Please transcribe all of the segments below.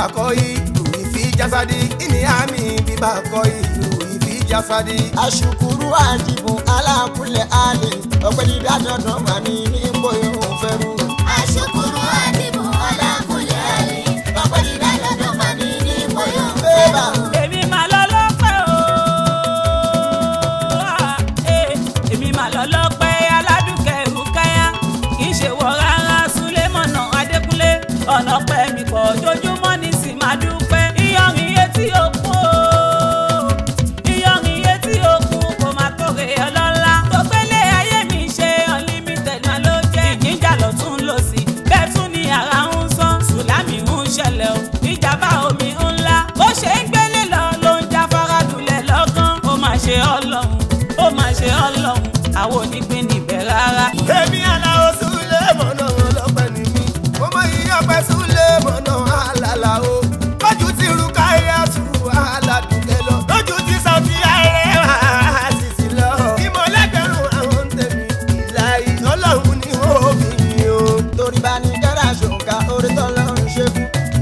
bima koi fi jasadi ini ami biba koi ruhi fi jasadi. aṣùkúrú àdìbò alákùlẹ̀ àlè ọ̀pẹ̀lẹ̀ bí àjọ̀dún wà ní ní ilẹ̀ o ìjàmbá omi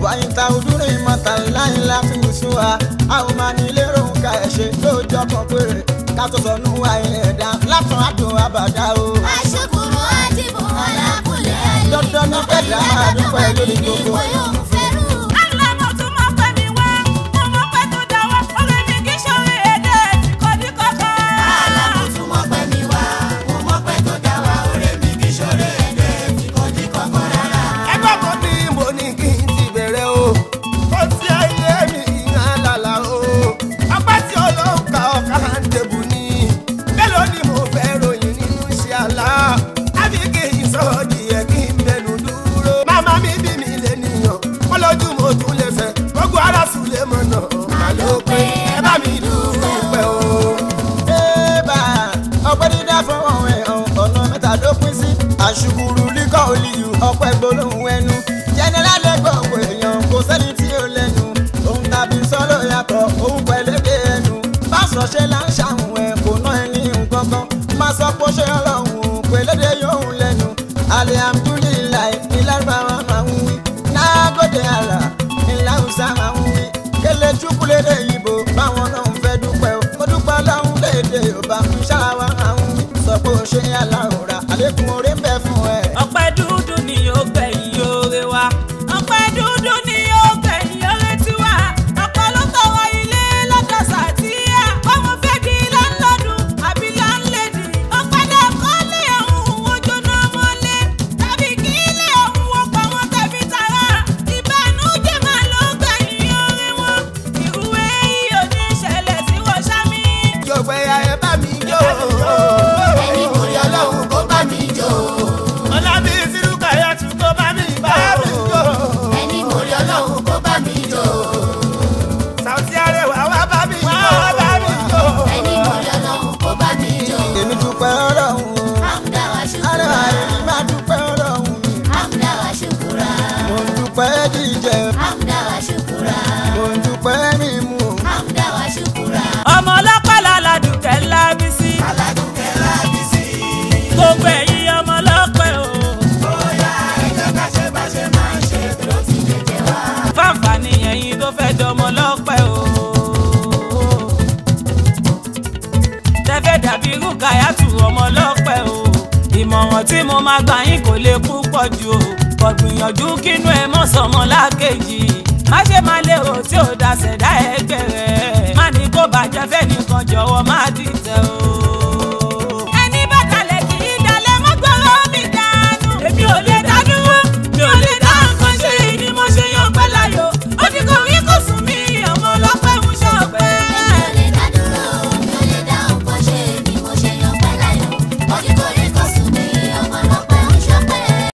fàyìntà ojúre ìmọ̀ta láyìn láti wùsùn wa a ò máa ní lérò nǹka ẹ̀ṣẹ̀ lóòjọ́ kan péré ká tó sọnù wa ẹ̀dá látàn àdùn àbàdà o. àṣekúrò àdìbò ọ̀làkùnlé ayé. dandan ní kẹ́dà máa dúpẹ́ lórí gbogbo. gbólóhùn ẹnu jẹnẹrà lẹ́gbọ̀ọ́ èèyàn kò sẹ́ni tí ó lẹ́nu ohun tàbí sọ́lọ́ yàtọ̀ òun pẹ̀lẹ́gbẹ̀ ẹnu má sọ ṣe là ń ṣàwọn ẹ̀ kò ná ẹni nǹkan kan má sọ pé ó ṣe ọlọ́run pẹ̀lẹ́dẹ̀ yóò lẹ́nu alihamdulilayi ìlànà máa ń wí nágòdè àrà ìlà òòsà máa ń wí kẹlẹ chukwule lè yìnbó báwọn àlékún orí ń bẹ fún ẹ. dúpẹ́ jíjẹ. Hamda wa ṣukura. Mo ń dúpẹ́ mímu. Hamda wa ṣukura. Ọmọ ọlọ́pàá làládùkẹ́ ńlá bí sí. Aládùkẹ́ ńlá bí sí. Gbogbo ẹ̀yin ọmọ ọlọ́pẹ́ o. Bóyá ẹjọ́ ká ṣe bá ṣe máa ń ṣe tó ti jẹjẹ wá. Fáǹfààní ẹ̀yin tó fẹ́ dọmọ ọlọ́pẹ́ o. Tẹ́fẹ́ dàbí Rúkàyàtù ọmọ ọlọ́pẹ́ o. Ìmọ̀ràn tí mo máa gbà yín kò lè púpọ̀ ju o kò gbìyànjú kínú ẹ mọ́ sọmọ lákejì má ṣe má lérò tí ò dá ṣẹ̀dá ẹgbẹ́ rẹ̀ má ní kó bàjẹ́ fẹ́nìkan jọ̀wọ́ má dìde.